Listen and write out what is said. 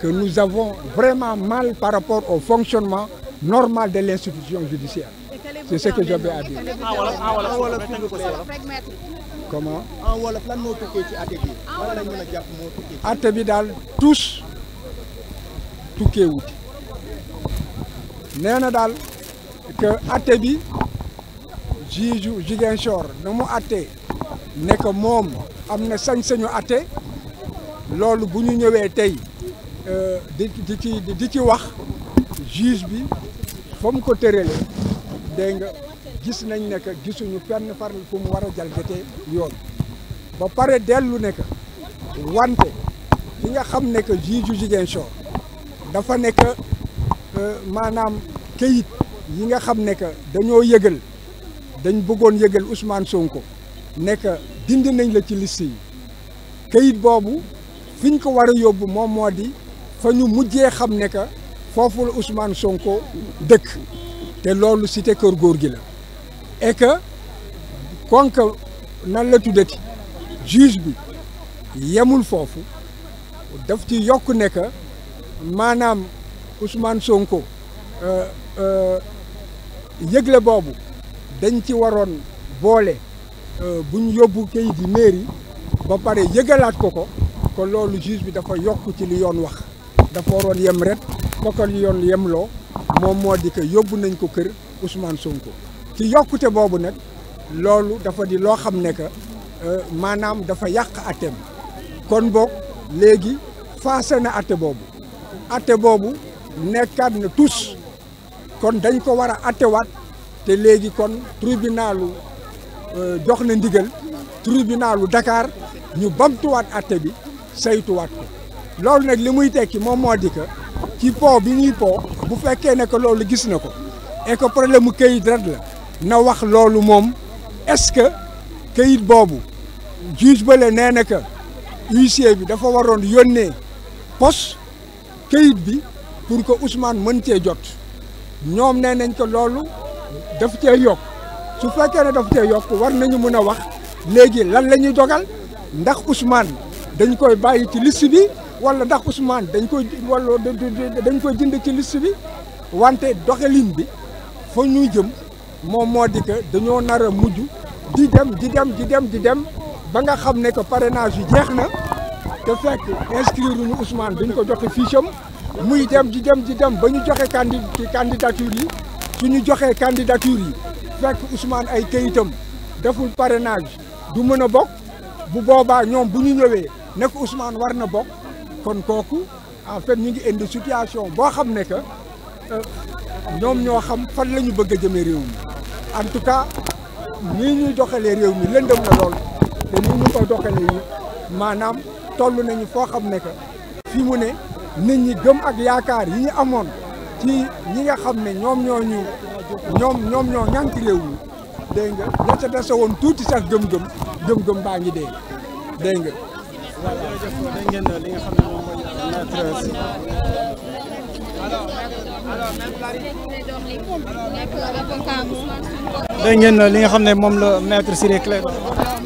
que nous avons vraiment mal par rapport au fonctionnement normal de l'institution judiciaire. C'est ce que j'avais à dire. Ah, ah, Comment ah, atebi. bi tous tout qui, nee na que atebi, bi un jour, pas mu atte ne que moom am na sañ-sañu atte loolu bu ñu ñëwee été. di di ci di ci wax juge bi fa mu ko tëralee dégg nga gis nañ ne que gisuñu fenn far fu mu war a jalgatee yoon ba pare dellu nekk wante li nga xam ne que juge ju Ziguinchor dafa nekk euh, maanaam këyit yi nga xam ne que dañoo yëgal dañ bëggoon yëgal Ousmane Sonko nekk dind nañ la ci liste yi kayit boobu fi ñu ko war a yóbbu moom moo di. fañu mujjé xamné ka fofu que Ousmane Sonko dëkk te loolu cité kër góor gi la et que kon que nan la ci juge bi yamul fofu daf ci yok ne ka manam Ousmane Sonko euh euh yëgle bobu dañ ci waron bolé euh buñ yóbbu kayit di mairie ba pare yegalat ko ko kon loolu juge bi dafa yokk ci li yoon wax. dafa waroon yem ret yon yoon momo moom moo di ke yóbbu nañ ko keur Ousmane Sonko ci dafa di lo xamne euh, manam manam dafa yak atem kon bok legi faase na atte bobu atte bobu nekkat na tous kon dañ ko wara a wat te legi kon tribunalu euh, jox na ndigal tribunalu Dakar ñu wat atte bi saytuwaat ko loolu nag li muy tekki moom moo di que ci po bi ñuy po bu fekkee ne que loolu gis na ko et que problème mu këyit rek la na wax loolu moom est-ce que këyit boobu juge bële nee na que huissier bi dafa waroon yónnee poste kayit bi pour ko Ousmane mën cee jot ñoom nee nañ ko loolu daf cee yokk su fekkee ne daf cee yokk war nañu mën a wax léegi lan la ñuy dogal ndax Ousmane dañ koy bàyyi ci liste bi. wala ndax Ousmane dañ koy wala dañ koy jënd ci liste bi wante doxalin bi foo ñuy jëm moom moo di dañoo nar mujj di dem di dem di dem di dem ba nga xam ne que parrainage yi jeex na te fekk inscrire ñu Ousmane dañ ko joxe fiche am muy dem di dem di dem ba ñu joxe candi candidature yi ñu joxee candidature yi fekk Ousmane ay kayitam deful parrainage du mën a bokk bu boobaa ñoom bu ñu ñëwee nekk Ousmane war na bokk kon kooku en fait ñu ngi indi situation boo xam ne que euh, ñoom ñoo xam fan lañu bëgg a jëmee réew mi en tout cas nii ñuy doxalee réew mi lëndëm na lool te nii ñu ko doxalee yi maanaam toll nañu foo xam ne que fi mu ne nit ñi gëm ak yaakaar yi ñu amoon ci ñi nga xam ne ñoom ñoo ñu ñoom ñoom ñoo ñànk réew mi dégg nga la ca woon tuuti sax gëm-gëm gëm-gëm baa ngi dee dégg nga voilà jërëjëf ngeen li nga xam ne moom mooy maîtresse. ngeen li nga xam ne moom la maître Ciré Clédor.